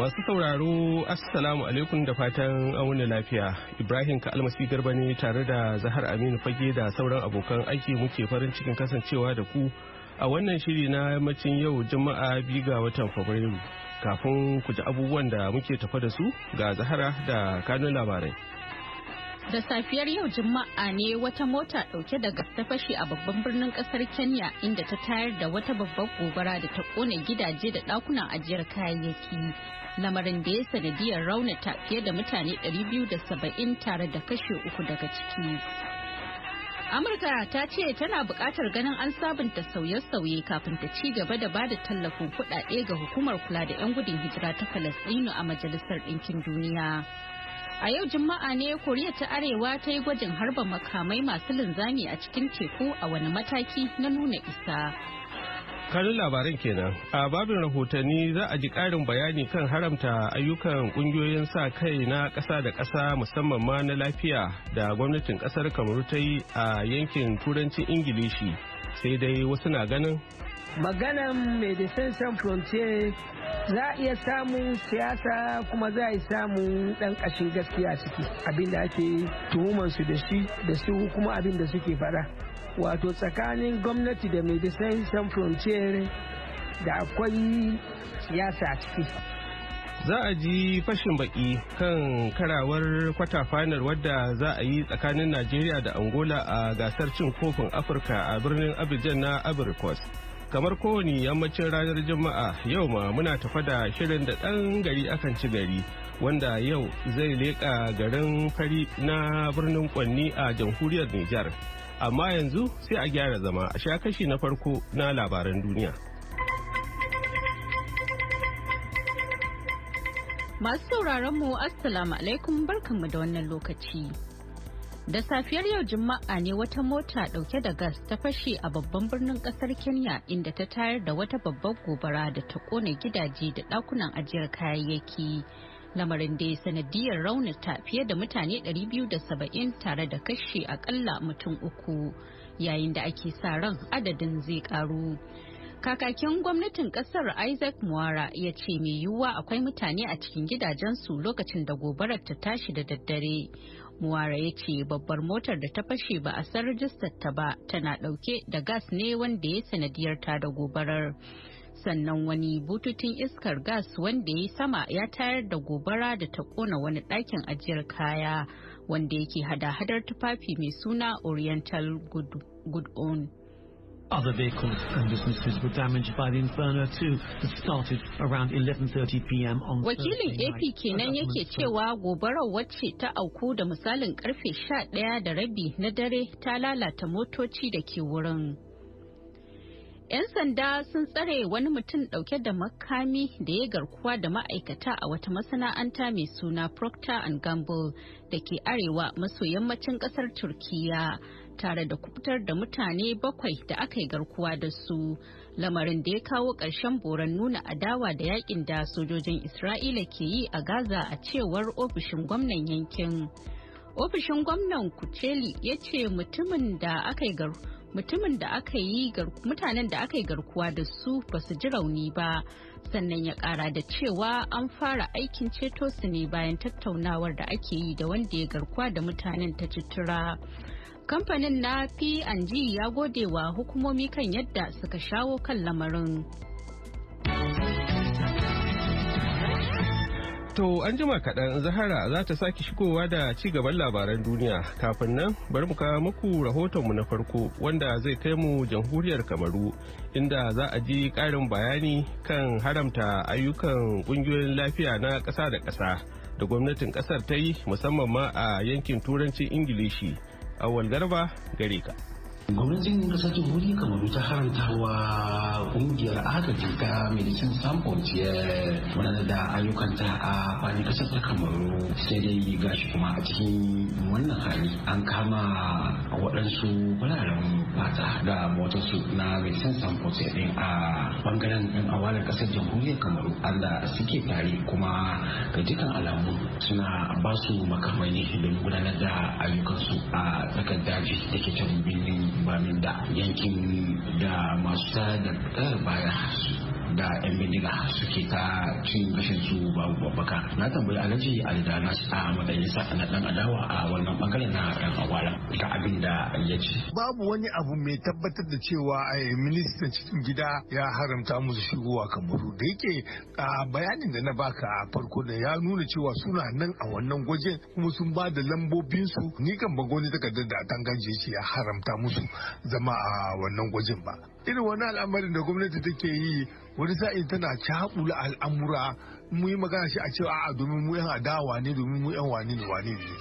Masu sauraro Assalamu alaikum da fatan auna lafiya. Ibrahim ka almasi Garba ne tare da Zahar Aminu Fage da sauran abokan aiki muke farin cikin kasancewa da ku a wannan shiri na yammacin yau Juma'a biyu ga watan Fabrairu. Kafin ku ji abubuwan da muke tafa da su ga Zahara da kanun labarai. Da safiyar yau Juma'a ne wata mota ɗauke da ta fashe a babban birnin kasar Kenya inda ta tayar da wata babbar gobara da ta kone gidaje da ɗakunan ajiyar kayayyaki. Lamarin da ya sanadiyar ta fiye da mutane 270 tare da kashe uku daga ciki. Amurka ta ce tana buƙatar ganin an sabunta sauye-sauye kafin ta ci gaba da ba da tallafin kuɗaɗe ga hukumar kula da 'yan gudun hijira ta Falasɗinu a Majalisar Ɗinkin Duniya. A yau Juma'a ne Koriya ta Arewa ta yi gwajin harba makamai masu linzami a cikin teku a wani mataki na nuna isa. Karin labarin kenan. A babin rahotanni za a ji ƙarin bayani kan haramta ayyukan ƙungiyoyin sa kai na ƙasa da ƙasa musamman ma na lafiya da gwamnatin ƙasar Kamaru ta yi a yankin Turancin Ingilishi. Sai dai wasu na ganin maganan medecin san frontier za a iya samun siyasa kuma za a yi samun dan kashin gaskiya ciki abinda ake tuhumansu da shi da su kuma abin suke fara wato tsakanin gwamnati da medecin san frontier da akwai siyasa ciki za a ji fashin baki kan karawar kwata final wadda za a yi tsakanin najeriya da angola a gasar cin kofin afirka a birnin abidjan na abirikos kamar kowane yammacin ranar juma'a yau ma muna tafa da shirin da ɗan gari akan ci gari wanda yau zai leƙa garin fari na birnin kwanni a jamhuriyar nijar amma yanzu sai a gyara zama a sha kashi na farko na labaran duniya masu sauraron mu assalamu alaikum barkanmu da wannan lokaci Da safiyar yau Juma'a ne wata mota dauke da gas ta fashe a babban birnin kasar Kenya inda ta tayar da wata babbar gobara da ta kone gidaje da dakunan ajiyar kayayyaki. Lamarin da ya sanadiyar raunata fiye da mutane 270 tare da kashe akalla mutum uku yayin da ake sa ran adadin zai karu. Kakakin gwamnatin kasar Isaac Mwara ya ce mai yiwuwa akwai mutane a cikin gidajensu lokacin da gobarar ta tashi da daddare. Muwara ya ce babbar motar da ta fashe ba a san rajistar ta ba tana dauke da gas ne wanda ya sanadiyar ta da gobarar. Sannan wani bututun iskar gas wanda ya sama ya tayar da gobara da ta kona wani ɗakin ajiyar kaya wanda yake hada-hadar tufafi mai suna Oriental Good On. Other vehicles and businesses were damaged by the inferno too that started around 11:30 p.m. on Wakilin AP kenan yake cewa gobarar wacce ta auku da misalin karfe 11 da rabi na dare ta lalata motoci da ke wurin. 'Yan sanda sun tsare wani mutum dauke da makami da ya garkuwa da ma'aikata a wata masana'anta mai suna Procter and Gamble da ke arewa maso yammacin kasar Turkiyya. tare da kubutar da mutane bakwai da aka yi garkuwa da su lamarin da ya kawo ƙarshen boran nuna adawa da yakin da sojojin isra'ila ke yi a gaza a cewar ofishin gwamnan yankin ofishin gwamnan kuceli ya ce mutumin da aka yi mutumin da aka yi mutanen da aka yi garkuwa da su ba su ji rauni ba sannan ya kara da cewa an fara aikin ceto su ne bayan tattaunawar da ake yi da wanda ya garkuwa da mutanen ta citura Kamfanin na P&G ya gode wa hukumomi kan yadda suka shawo kan lamarin. To an jima kaɗan Zahara za ta sake shigowa da ci gaban labaran duniya kafin nan bari mu kawo muku mu na farko wanda zai kai mu jamhuriyar Kamaru inda za a ji ƙarin bayani kan haramta ayyukan ƙungiyoyin lafiya na ƙasa da ƙasa da gwamnatin ƙasar ta yi musamman ma a yankin turancin Ingilishi awal garba gare ka gwamnatin kasar jamhuriyar kamaru ta haramta wa kungiyar agaji ta medicine samples ya wadanda da ayyukanta a fadin kasar ta kamaru sai dai gashi kuma a cikin wannan hali an kama waɗansu fararen ba da motarsu na wilson sampos din a bangaren yan awalar kasar jamhuriyar kamaru allah suke tare kuma ga dukkan alamu suna ba su makamai ne don gudanar da ayyukansu a tsakar daji da ke can birnin bamin da yankin da masu sadar baya da 'yan bindiga suke ta cin gashin su babu babbaka na tambayi alhaji alidana a madayin sa na dan adawa a wannan bangare na 'yan awara ga abin da ya ce babu wani abu mai tabbatar da cewa eh, ministan cikin gida ya haramta musu shigowa kamaru da yake a bayanin da na baka a farko da ya nuna cewa suna nan a wannan gwajen kuma sun ba da lambobinsu ni kan ban wani takardar da tanganje shi ya haramta musu zama a wannan gwajin ba irin wani al'amarin da gwamnati take yi wani sa'in tana cakula al'amura mu yi magana shi a cewa a domin mu yan adawa ne domin mu yan wane ne wane ne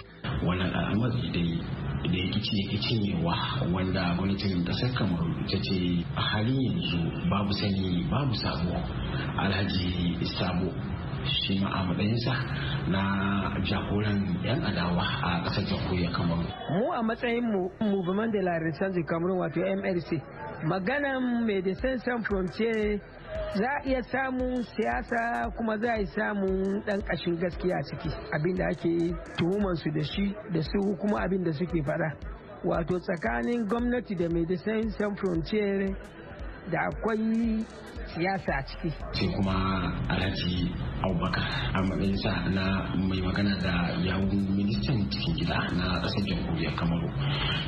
wannan al'amari dai da ya cinyewa wanda gwamnatin kasar kamar ta ce a halin yanzu babu sani babu sabo alhaji sabo shi ma'amadayinsa na jagoran 'yan adawa a kasar jamhuriyar kamar mu a matsayin mu movement Mandela la renaissance cameroon wato mrc maganan medecin san frontier za a iya samun siyasa kuma za a yi samun ɗan kashin gaskiya ciki abin da ake su da shi da su kuma abin da suke faɗa wato tsakanin gwamnati da medecines sans frontiere da akwai siyasa a ciki. Sai kuma Alhaji Abubakar a matsayinsa na mai magana da yawun ministan cikin gida na ƙasar jamhuriyar Kamaru.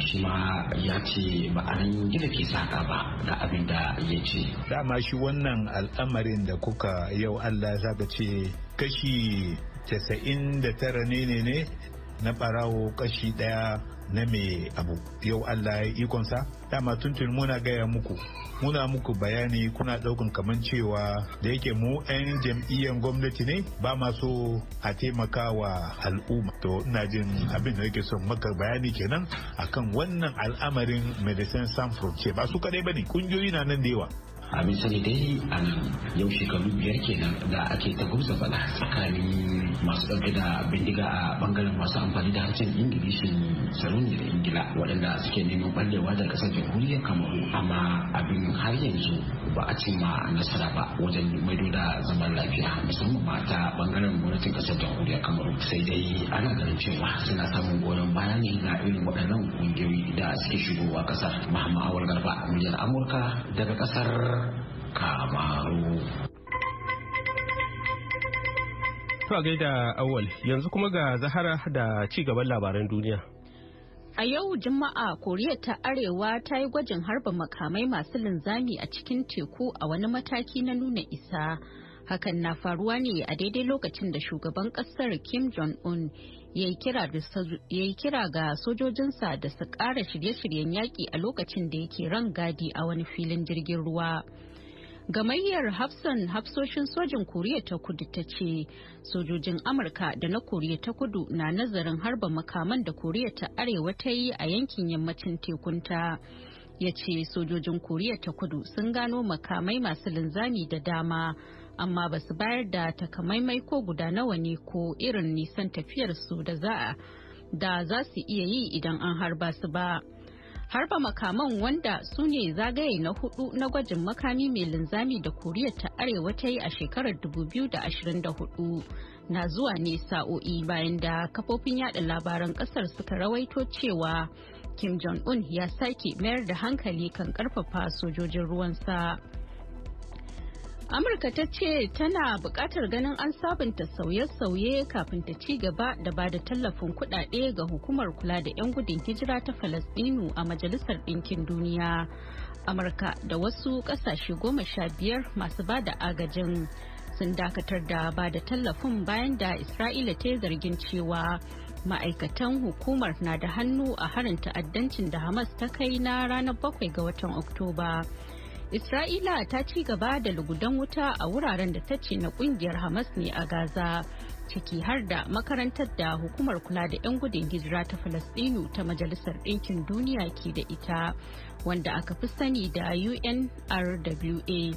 Shi ma ya ce ba a nan gida ke saka ba da abin da ya ce. Dama shi wannan al'amarin da kuka yau Allah ka ce kashi 99 ne ne na barawo kashi daya na mai abu yau Allah ya ikonsa dama tuntun muna gaya muku muna muku bayani kuna daukan kaman cewa da yake mu 'yan jam'iyyar gwamnati ne ba masu a taimaka wa al'umma to ina jin abin da yake son maka bayani kenan akan wannan al'amarin medicine sans frontier ba su kadai ba ne kungiyoyi na nan da yawa abin sani dai a nan yau shekaru biyar kenan da ake ta gumsa faɗa tsakanin masu ɗauke da bindiga a bangaren masu amfani da harshen ingilishi saruni da ingila waɗanda suke neman ɓallewa da ƙasar jamhuriyar kamaru amma abin har yanzu ba a cimma nasara ba wajen maido da zaman lafiya musamman ma ta bangaren gwamnatin ƙasar jamhuriyar kamaru sai dai ana ganin cewa suna samun goyon baya ne na irin waɗannan ƙungiyoyi da suke shigowa ƙasar mahama awal garba muryar amurka daga ƙasar kamaru to gaida awal yanzu kuma ga zahara da ci gaban labaran duniya A yau Juma'a Koriya ta Arewa ta yi gwajin harba makamai masu linzami a cikin teku a wani mataki na nuna isa. Hakan na faruwa ne a daidai lokacin da shugaban kasar Kim Jong-un ya yi kira ga sojojinsa da su ƙara shirye-shiryen yaƙi a lokacin da yake ran gadi a wani filin jirgin ruwa. Gamayyar Hafsan hafsoshin sojin Koriya ta kudu ta ce sojojin Amurka da na Koriya ta kudu na nazarin harba makaman da Koriya ta arewa ta yi a yankin yammacin tekunta. Ya ce sojojin Koriya ta kudu sun gano makamai masu linzami da dama amma ba su bayar da takamaimai ko guda nawa ne ko irin nisan tafiyarsu da za da za su iya yi idan an harba su ba. harba makaman wanda su ne zagaye na hudu na gwajin makami mai linzami da koriya ta arewa ta yi a shekarar 2024 na zuwa ne sa'o'i bayan da kafofin yada labaran kasar suka rawaito cewa kim jong-un ya sake mayar da hankali kan karfafa sojojin ruwansa. Amurka ta ce tana buƙatar ganin an sabunta sauye-sauye kafin ta ci gaba da ba da tallafin kuɗaɗe ga hukumar kula da 'yan gudun hijira ta Falasɗinu a Majalisar Ɗinkin Duniya. Amurka da wasu ƙasashe goma sha biyar masu ba da agajin sun dakatar da ba da tallafin bayan da Isra'ila ta zargin cewa ma'aikatan hukumar na da hannu a harin ta'addancin da Hamas ta kai na ranar bakwai ga watan Oktoba. Isra'ila ta ci gaba da lugudan wuta a wuraren da ta ce na kungiyar Hamas ne a Gaza, ciki har da makarantar da hukumar kula da 'yan gudun hijira ta Falasɗinu ta Majalisar Ɗinkin Duniya ke da ita, wanda aka fi sani da UNRWA.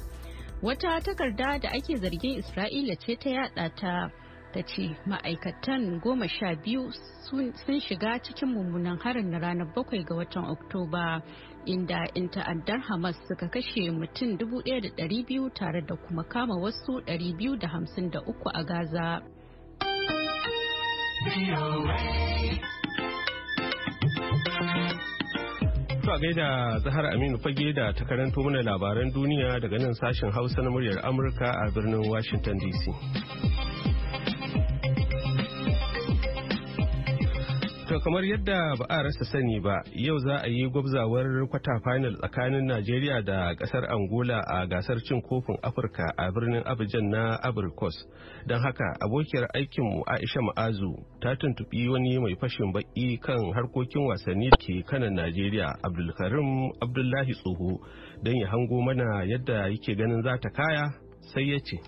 Wata takarda da ake zargin Isra'ila ce ta yada ta. ta ce ma'aikatan goma sha biyu sun shiga cikin mummunan harin na ranar bakwai ga watan oktoba inda in ta'addar Hamas suka kashe mutum 1,200 tare da kuma kama wasu 253 a Gaza. Tuwa gaida Zahar Aminu fage da ta karanto mana labaran duniya daga nan sashen Hausa na muryar Amurka a birnin Washington DC. To kamar yadda ba a rasa sani ba yau za a yi gwabzawar kwata final tsakanin Najeriya da kasar Angola a gasar cin kofin Afirka a birnin Abidjan na Abrikos. Don haka abokiyar aikinmu Aisha Ma'azu ta tuntuɓi wani mai fashin baki kan harkokin wasanni ke kanan Najeriya Abdulkarim Abdullahi Tsoho don ya hango mana yadda yake ganin za ta kaya sai ya ce.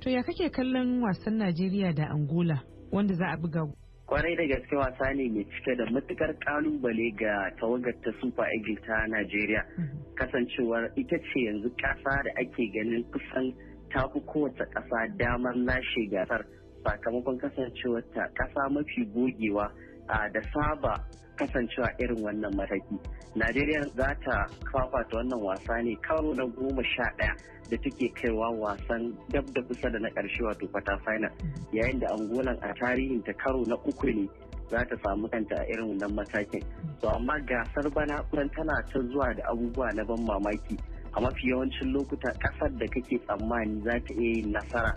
To ya kake kallon wasan Najeriya da Angola wanda za a buga kwarai da gaske wasa ne mai cike da matukar kalubale ga tawagar ta super eagles ta najeriya mm-hmm. kasancewar ita ce yanzu kasa da ake ganin kusan tafi kowace kasa damar lashe gasar sakamakon kasancewar ta kasa mafi gogewa da saba kasancewa irin wannan mataki. Najeriya za ta fafata wannan wasa ne karo na goma sha ɗaya da take kaiwa wasan dab da kusa da na ƙarshe wato kwata final yayin da angolan a tarihin ta karo na uku ne za ta samu kanta a irin wannan matakin. To amma gasar bana kuran tana ta zuwa da abubuwa na ban mamaki. a mafi yawancin lokuta kasar da kake tsammani za ta iya yin nasara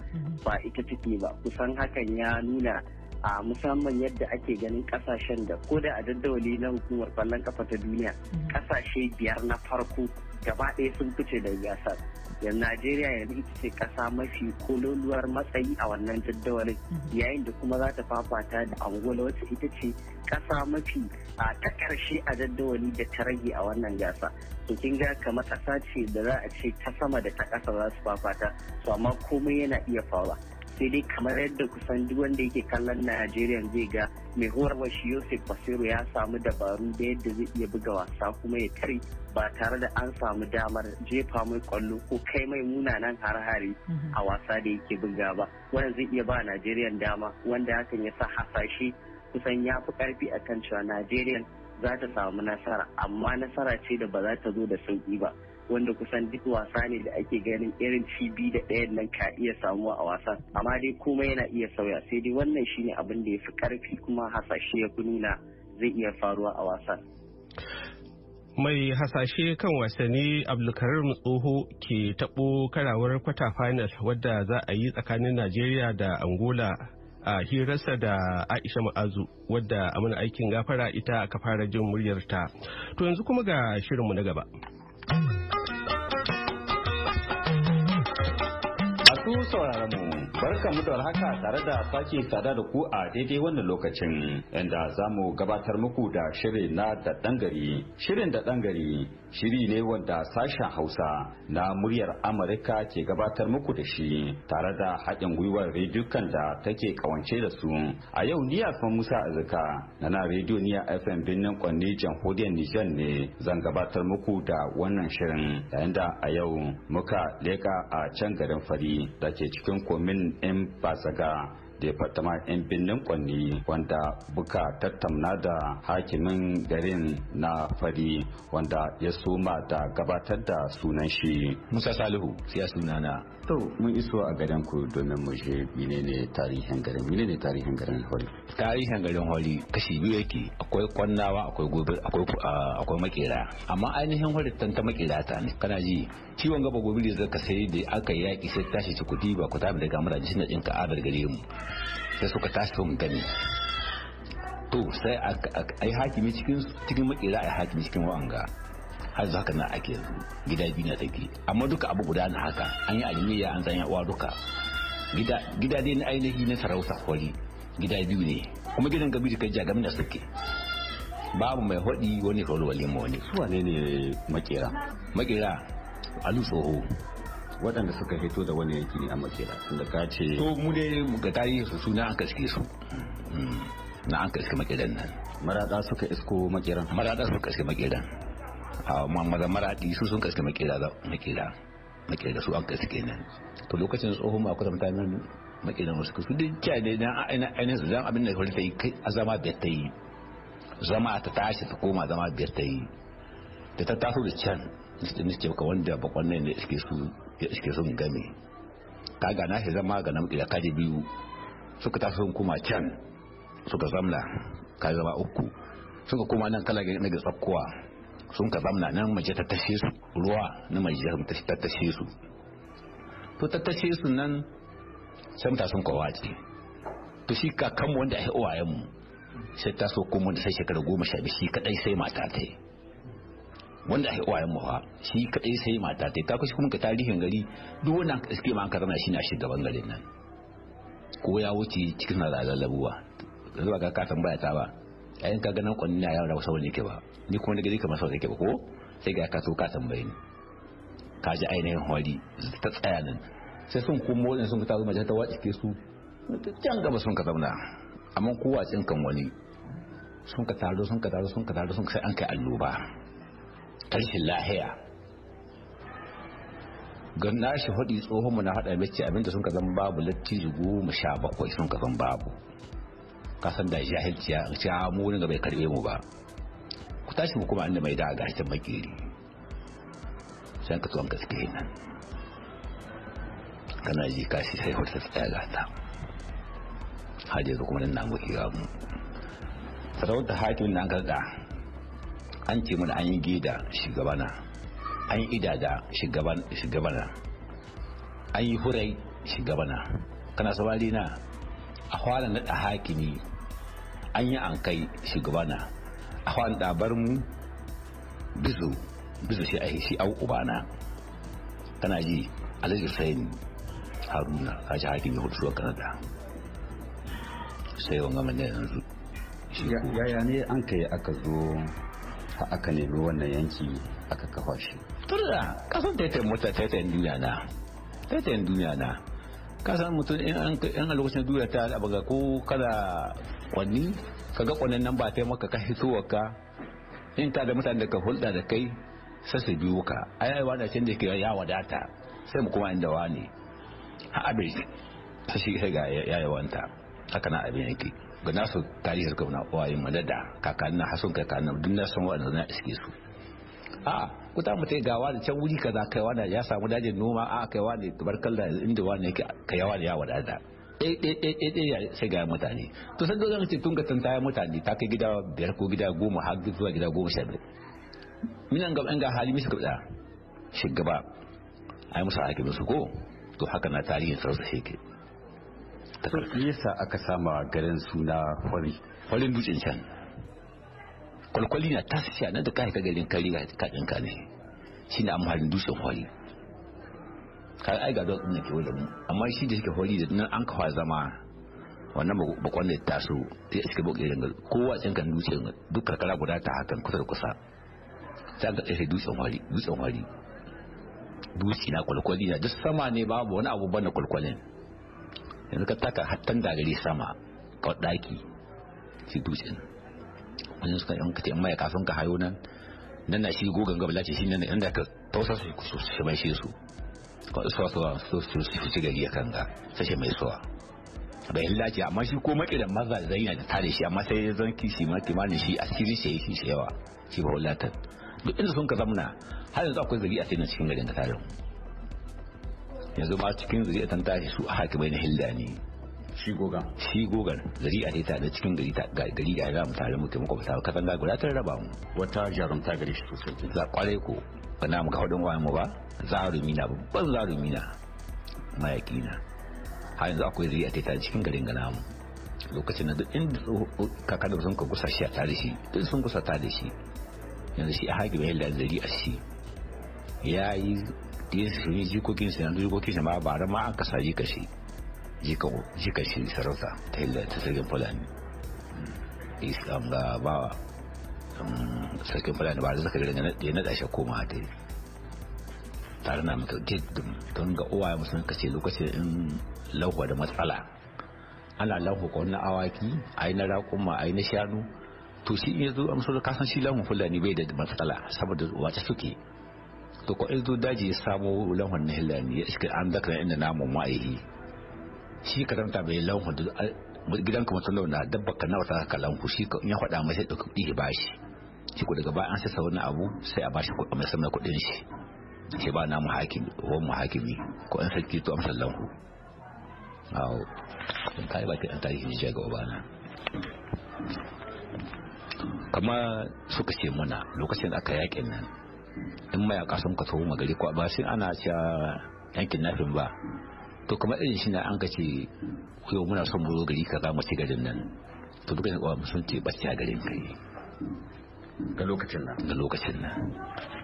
ba ita take ba kusan hakan ya nuna a musamman yadda ake ganin kasashen da ko a daddawali na hukumar kwallon kafa ta duniya mm. kasashe biyar na farko gaba ɗaya sun fice da gasar yanzu najeriya yanzu ita ce kasa mafi kololuwar matsayi a wannan jaddawalin mm. yayin da kuma za ta fafata da angola wacce ita ce kasa mafi a ta ƙarshe a jaddawali da ta rage a wannan gasa to kin ga kamar ƙasa ce da za a ce ta sama da ta ƙasa za su fafata to amma komai yana iya faruwa sai dai kamar yadda kusan duk wanda yake kallon najeriya zai ga mai horarwa shi yosef basiru ya samu dabaru da yadda zai iya buga wasa kuma ya kare ba tare da an samu damar jefa mai kwallo ko kai mai munanan har-hare a wasa da yake buga ba wannan zai iya ba najeriya dama wanda hakan ya sa hasashe kusan ya fi karfi akan cewa najeriya za ta samu nasara amma nasara ce da ba za ta zo da sauki ba wanda kusan duk wasa ne da ake ganin irin cibi da ɗayan nan ka iya samuwa a wasan amma dai komai yana iya sauya sai dai wannan shine abin da ya fi karfi kuma hasashe ya fi nuna zai iya faruwa a wasan mai hasashe kan wasanni abdulkarim tsoho ke taɓo karawar kwata final wadda za a yi tsakanin najeriya da angola a hirarsa da aisha ma'azu wadda a mana aikin gafara ita aka fara jin muryarta to yanzu kuma ga shirinmu na gaba. masu sauraron mu barka mu da haka tare da sake sada da ku a daidai wannan lokacin inda za mu gabatar muku da shirin na da gari shirin da gari shiri ne wanda sashen hausa na muryar amurka ke gabatar muku da shi tare da haɗin gwiwar rediyokan da take kawance da su a yau ni asman musa azuka na na rediyo niya fm birnin kwanne jamhuriyar nijar ne zan gabatar muku da wannan shirin yayin da a yau muka leka a can garin fari da ke cikin komin in basaga departement yan birnin kwanni wanda buka tattamna da hakimin garin na fari wanda ya suma da gabatar da sunan shi musa salihu siya sunana to mun iso a garin ku domin mu je menene tarihin garin menene tarihin garin hori tarihin garin hori kashi biyu yake akwai kwannawa akwai gobe akwai ah, akwai makera amma ainihin hori ta makera ta ne kana ji ciwon gaba gobe da zaka sai da aka yaki sai tashi ci kudi ba ku tafi daga mura jin da ɗinka adar gare mu sai suka tashi sun gani to sai a yi hakimi cikin makera a yi hakimi cikin wanga har zaka na ake gida biyu na take amma duka abu guda na haka an yi ajiniya an zanya uwa duka gida dai na ainihi na sarauta kwari gida biyu ne kuma gidan gabi da kajja gamin da suke babu mai hodi wani kwalwale ma wani su ne makera makera alu tsoho waɗanda suka fito da wani yanki ne a makera tunda ka ce to mu dai ga tarihi su na aka suke su hmm. na an iske makeran nan maraɗa suka isko makeran maraɗa suka iske makeran a maza maraɗi su sun iske makera da makera makera su an iske nan to lokacin tsohon ma kusa mutane makeran wasu su duk kya ne na ainihin su zan abin da ya kwalita yi kai a zama biyar ta yi zama ta tashi ta koma zama biyar ta yi da ta taso da can nista nista ka wanda bakwan ne iske su ya iske sun game kaga na shi zama ga nan kaji biyu suka taso sun kuma can suka zamla ka zama uku suka kuma nan kala na ga tsakkuwa sun ka zamna nan mace ta tashe su ruwa na mace ta tashe su to ta tashe su nan sai ta sun kwawace to shi kakanmu wanda ya mu sai ta so kuma da sai shekara goma sha biyu shi kadai sai mata ta yi wanda ake wayan mu fa shi kadai sai mata tai ka kuma ka tarihin gari duk wannan iske ma ka rana shine a shugaban garin nan ko ya wuce cikin na labuwa zuwa ga ka tambaya ta ba ayin ka ganin kwanin na yawon rausa wani yake ba ni kuma daga kamar sau yake ba ko sai ga ka so ka tambaye ni ka ji ainihin hori ta tsaya nan sai sun kuma wani sun ta zama ta wace ke su can gaba sun ka zauna amma kowa tsinkan wani sun ka taro sun ka taro sun ka taro sun ka sai an kai alloba rashin lahiya gan nashi hudu tsohon mu na hada mace abinda sun ka zan babu latti mu sha bakwai sun ka zan babu kasan da jahilciya ci mu ne ga bai karbe mu ba ku tashi mu kuma an mai da gashi makiri sai ka tsohon gaske nan kana ji kashi sai ta tsaya gata hajjar kuma nan na mu kira mu sarauta hakimin na garda an ce mana an yi gida shugabana an yi idada shugabana an yi hurai shugabana kana saurari na a na naɗa hakimi an yi an kai shugabana a kwanan ɗabar mu bizu bizu shi a shi au ubana kana ji alhaji sayin haruna ka ji hakimi hudu suwa kanada sai wanga manne yanzu yaya ne an kai aka zo aka nemi wannan yanki aka kafa shi turda kasan taitayin mota taitayin duniya na taitayin duniya na kasan mutum yan a lokacin duniya ta abaga ko kada kwanni kaga kwanan nan ba taimaka ka hitowar ka in ta da mutane da ka hulɗa da kai sai su biyo ka ai wanda can da ke ya wadata sai mu kuma inda wani ha abin sai shi ga ya yawanta haka na abin yake ga nasu tarihin gwamna wayin madada. da kakannin hasun kakannin duk na san wa'anda na iske su a kuta mutai gawa da can wuri kaza kaiwa da ya samu dajin noma a kaiwa ne bar da inda wani yake kaiwa da ya wadata eh, eh, eh, ya sai ga mutane to san dole ce tunga tantaya mutane ta kai gida biyar ko gida goma har zuwa gida goma sha biyu minan ga ga hali misa kabda shugaba ai musu hakimin su ko to haka na tarihin sarsa shi to me yasa aka sama garin suna kwari kwarin dutsen can kwalkwali na ta sha nan da kai ka garin kari ga kaɗin ka dinka ne shine amfanin dutsen kwari kai ai ga dutsen da ke wanda mu amma shi da suke kwari da nan an kafa zama wannan bakon da ta so sai a cikin bakin gangal kowa can kan dutsen duk karkara guda ta hakan kusa da kusa ta ga tsaye dutsen kwari dutsen kwari dutsi na kwalkwali na duk sama ne babu wani abu da kwalkwalin yanzu ka taka hattan gagari sama ka daki shi dutsen wani suka yan kace mai kafin ka hayo nan nan na shi gogan gaba lace shi nan da inda ka tausa su su shi mai shi su ko su su su su su su gari ya kanga sashe mai suwa da illa ce amma shi ko maki da maza zai yana da tare shi amma sai zan kishi ma kimanin shi asiri shi shi yawa shi ba wallahi duk inda sun ka zamna har yanzu akwai zari a cikin cikin garin da tare yanzu ma cikin zuriyatan tashi su bai na hilda ne shi gogan shi gogan gari a ta da cikin gari gari ga ga mutare mu taimako ka katanga guda ta raba mu wata jarumta gari shi sosai za kware ko bana mu ga hudun wayan mu ba zarumi na babban zarumi na mayaki na har yanzu akwai zuriya ta cikin garin gana mu lokacin da duk inda kakadar sun ka gusa shi a tare shi duk sun gusa da shi yanzu shi a haƙi mai da zari a shi ya yi da ya shiri jikokin sa yanzu jikokin sa ma ba ran ma an kasa jika jikashi jika jika shi sarauta ta hilla ta sarkin fulani islam ga ba um, sarkin fulani ba zaka da ya nada shi koma ta tare na maka jiddin don ga uwa musu ka kace lokacin in lauwa da matsala ana lauwa ko na awaki ai na raƙuma ai na shanu to shi in yazo amsar kasan shi lauwa fulani bai da matsala saboda wace suke to ko izo daji ya samo lanhon na hillani ya iska an daka zakara inda namun ma'ihi shi ka karanta bai lanhon gidanka matsalau na dabba ka na wata ka lanhon shi ka ya faɗa mai sai ɗauki kuɗi ya bashi shi ko daga baya an sassa wani abu sai a bashi kuɗi mai sama kuɗin shi shi ba hakimi ko mu hakimi ko an sarki to amsar lanhon awo don kai bakin an tarihi jiya ga obana kama suka ce muna lokacin aka yaƙin nan in mayaka sun ka taho magari ko ba sai ana cewa yankin nafin ba to kamar irin shi na an ka ce yau muna son mu gari ka za mu ci garin nan to duka ne kwa sun ce bacci a garin kai ga lokacin nan ga lokacin nan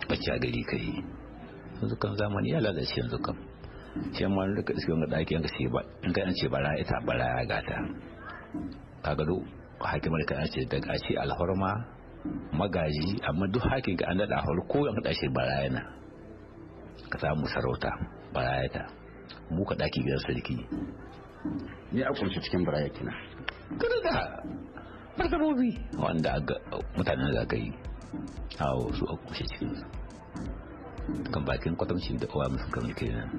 bacci a gari kai yanzu kan zamani ya lalace yanzu kan shi ma da ka iske daki ɗaki yanka ce ba in ka ce bara ita bara ya gata ka do hakimar ka ce daga ce alhorma magaji amma duk hakin ga an daɗa harko an daɗa shi barayana ka samu sarauta barayata mu ka ɗaki gidan sarki ne a kunshi cikin barayaki na kada da martabobi wanda mutanen da aka yi awo su a kunshi cikin kan bakin kwatamci da kowa musu kan kenan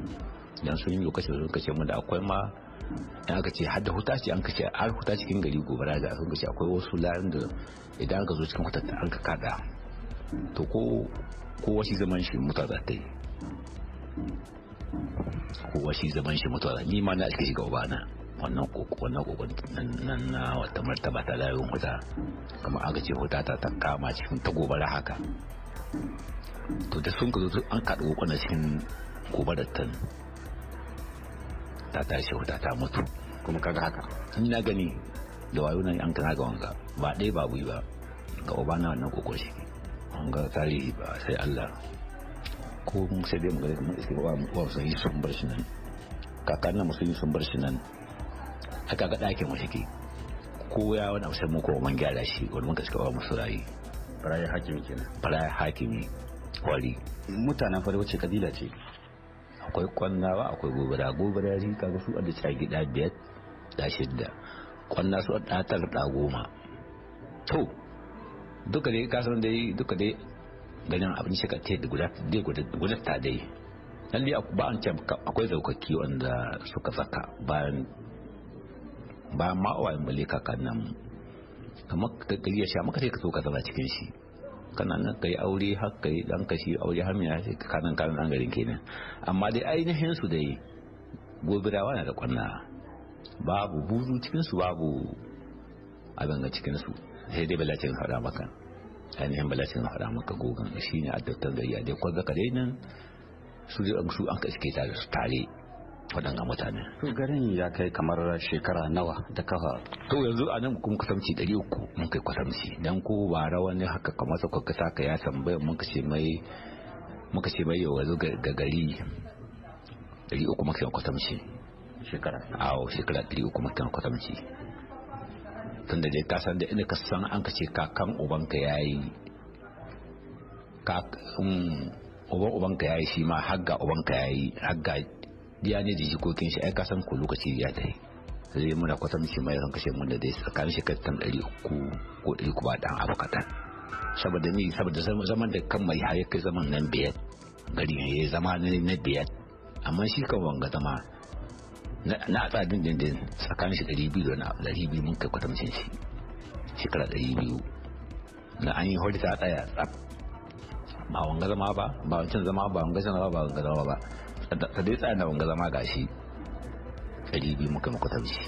dan sun yi lokacin sun kace mu da akwai ma in aka ce har da huta ce an kashe har huta cikin gari gobara da aka kashe akwai wasu larin da idan aka zo cikin hutattun an ka kada to ko kowa shi zaman shi mutuwa za ta yi kowa shi zaman shi mutuwa ni ma na aka shiga ubana wannan wannan kokonin nan na wata martaba ta layin huta kama aka ce huta ta ta kama cikin ta gobara haka to da sun ka zo an kaɗa kokonin cikin gobarar ta ta tashi huta ta mutu kuma kaga haka in na gani da wayo nan an kana ga wanga ba dai ba bui ba ga uba na wannan kokon shi ga tarihi ba sai Allah ko mun sai dai mu ga mun iske ba mu ko sai sun bar shi nan kakan nan sun sun bar shi nan haka ga dakin mu shike ko ya wani abu sai mu ko mun gyara shi wani mun gaskiya ba mu surayi farayi hakimi kenan farayi hakimi wali mutanen fari wacce kabila ce akwai kwannawa akwai gobara gobara shi kaga su a da cagi da biyar da shidda kwanna su a da tara da goma to duka dai kasan dai duka dai ganin abin shi ka te da guda ta dai dai ba an can akwai zaukaki wanda suka saka bayan bayan ma'awayin mulika kan nan kamar ka ya sha maka sai ka so ka zama cikin shi kana nan kai aure har kai dan kashi aure har mina sai kanan kanan an garin kenan amma dai ainihin su dai gobirawa na da kwanna babu buzu cikin su babu abin ga cikin su sai dai balacin hada maka ainihin balacin hada maka gogan shine a dattan gari a dai kwazaka dai nan su an ka iske da su tare waɗannan mutane. To garin ya kai kamar shekara nawa da kafa. To yanzu a nan kuma kwatamci ɗari uku mun kai kwatamci dan ko ba rawa ne haka kamar sa kwaka saka ya tambaya mun kace mai muka ce mai yau yanzu ga gari ɗari uku muka yi kwatamci. Shekara. Awo shekara ɗari uku muka yi kwatamci. da dai ka san da inda ka san an ka ce kakan ubanka ya yi um, uban ubanka ya yi shi ma hagga ubanka ya yi hagga diya ne da jikokin shi ai ka san ko lokaci ya ta yi zai muna miki mai ran kashe mun da dai tsakanin shi tan ɗari uku ko ɗari ku ba dan abu kaɗan saboda ni saboda zaman da kan mai haye kai zaman nan biyar gari ya zama na biyar amma shi kan wanga zama na a din din tsakanin shi ɗari biyu na ɗari biyu mun kai miki shi shekara ɗari biyu na an yi hori ta tsaya tsab ba wanga zama ba ba wancan zama ba wanga zama ba wanga zama ba ta dai tsaya na wanga zama gashi ɗari biyu muka muka tabbaci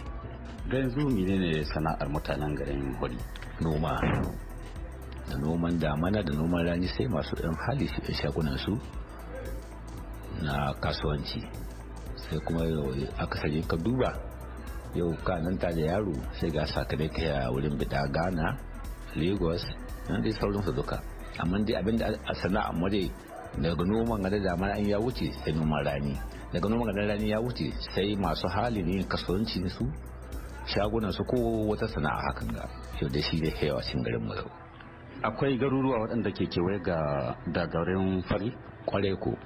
ga mine ne sana'ar mutanen garin hori noma da noman damana da noman rani sai masu ɗan hali su shagunansu shagunan su na kasuwanci sai kuma akasari ka duba yau kanan ta da yaro sai ga sakamai ta yaya wurin bida ghana lagos nan dai su duka amma dai abinda a sana'a mu daga noman ga damar an ya wuce sai noman rani daga noman ga rani ya wuce sai masu halin yin kasuwanci su shagunan su ko wata sana'a hakan ga yau da shi da kaiwa cin garin mu akwai garuruwa waɗanda ke kewaye ga dagarin fari kwarai ko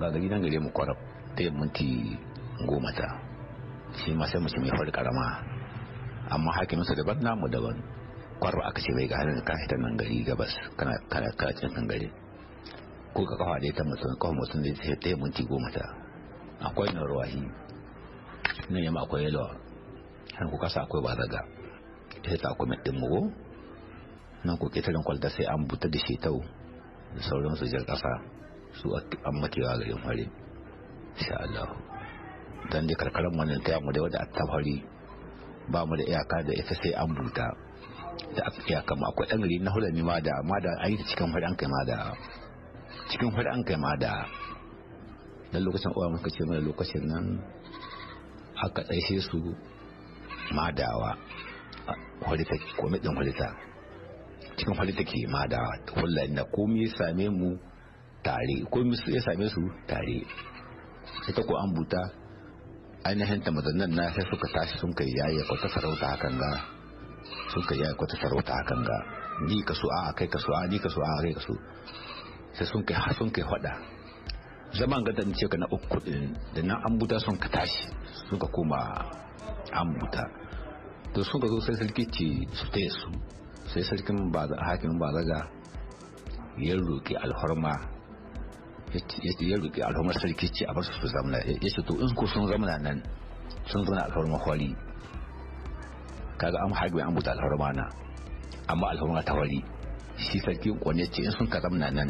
ga gari nan gare mu kwarab ta yi minti goma ta shi ma sai mace mai fari karama amma hakimin su daban namu daban kwarba aka ce bai ga hannun ka ta nan gari gabas kana kana cin gari ko ka kafa da ita mutum kawo mutum ne sai yi minti goma ta akwai nan ruwahi nan yamma akwai yalwa har ku kasa akwai ba ita ta akwai ɗin mugu nan ku ƙetaren kwalta sai an buta da shetau da sauran su jar ƙasa su an matewa garin fare insha Allah dan dai karkarar wannan ta yamma da wadda a tafari ba mu da iyaka da ita sai an buta da a iyaka kama akwai ɗan gari na hulani ma da ma da an yi cikin fari an kai ma da cikin fari an kai ma da dan lokacin uwa muka ce mana lokacin nan aka tsaye su madawa kwalita komai din kwalita cikin kwalita ke madawa wallahi inda komai ya same mu tare komai ya same su tare ita ko an buta ainihin ta mazannan na sai suka tashi sun kai yaya kwata sarauta hakan ga sun kai yaya kwata sarauta hakan ga ni ka su a kai ka su a ni ka su a kai ka su. sai sun kai sun kai faɗa zaman ga dan ce ka na uku din da na an buta sun ka tashi suka koma an buta to sun ka zo sai sarki ce su taya su sai sarkin ba hakin ba ga ya roki alhorma ya roki alhormar sarki ce a bar su su zamna ya ce to in ku sun zamna nan sun zama alhorma hori kaga an hakimin an buta alhorma na amma alhorma ta hori shi sarki kwane ce in sun ka zamna nan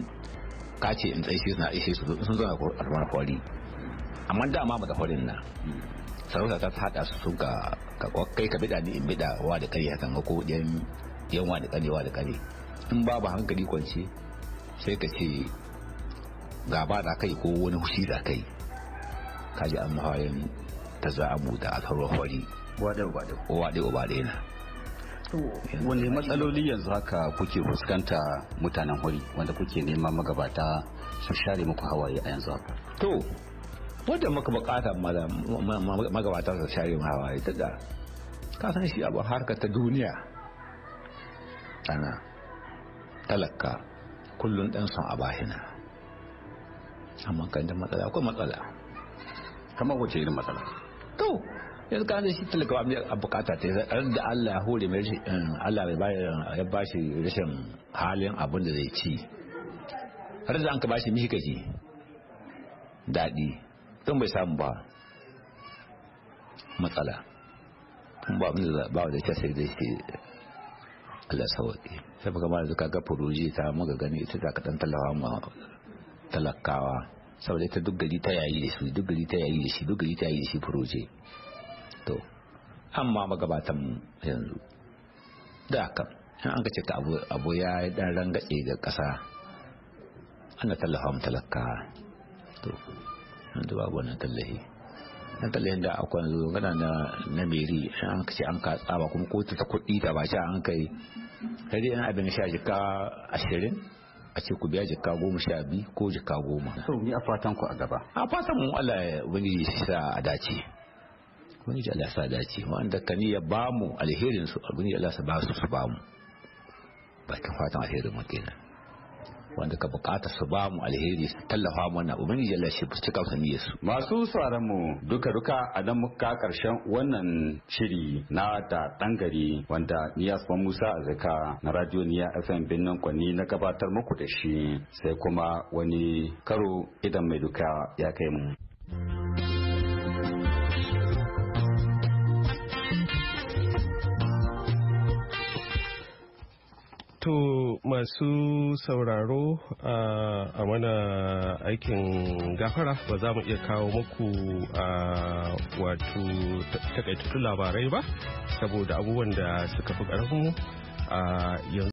ka ce in tsaishe suna ishe su sun zo a karɓar hori amma dama ba da horin na sarauta ta haɗa su sun ka kai ka bida ni in bida wa da kare hakan ko yan yan wa da kare wa da kare in babu hankali kwance sai ka ce ga ba da kai ko wani hushi da kai kaji an mahawarin ta za'amu da alharwar hori wadai obade na Wani matsaloli yanzu haka kuke fuskanta mutanen hori wanda kuke neman magabata su share muku hawaye a yanzu haka? To, wadda muka bukata magabata su share mu hawaye ta da ka san shi abu harka ta duniya ana talaka kullum dan son a bahina amma kan da matsala akwai matsala kamar wace irin matsala to yanzu ka shi talaka mai bukata ta yi da Allah ya hore mai eh, Allah ya ba shi rashin halin abin da zai ci har da an ka ba shi mishi gaji daɗi tun bai samu ba matsala Tun ba abin da ba da ta sai dai shi Allah sauƙi sai baka da zuka ga furuji ta maga gani ita ta kaɗan talawa ma talakawa saboda ita duk gari ta yayi da shi duk gari ta yayi da shi duk gari ta yayi da shi furuji to amma magabatan mu yanzu da haka an an ce ka abu ya yi dan rangace ga ƙasa ana tallafa mu talaka to yanzu babu wannan tallahi na tallafin da akwai yanzu gana na na meri an ka ce an ka tsaba kuma kotu ta kuɗi da ba sha an kai sai dai abin sha jika ashirin a ce ku biya jika goma sha biyu ko jika goma. So ni a fatan ku a gaba. A fatan mu Allah ya ubangiji shi sa a dace. da Allah sa dace wanda kani ya ba mu alherin su da Allah sa ba su su ba mu bakin fatan alherin mu kenan wanda ka bukata su ba mu alheri su tallafa abin da Allah shi ci kausa niyyar su masu sauraron mu duka duka a dan muka karshen wannan shiri na da dan gari wanda niyas ba Musa Azaka na Radio Niya FM Binnan Kwani na gabatar muku da shi sai kuma wani karo idan mai duka ya kai mu To masu sauraro a mana aikin gafara ba za mu iya kawo muku wato takaitattun labarai ba saboda abubuwan da suka fi ƙarfinmu a yanzu.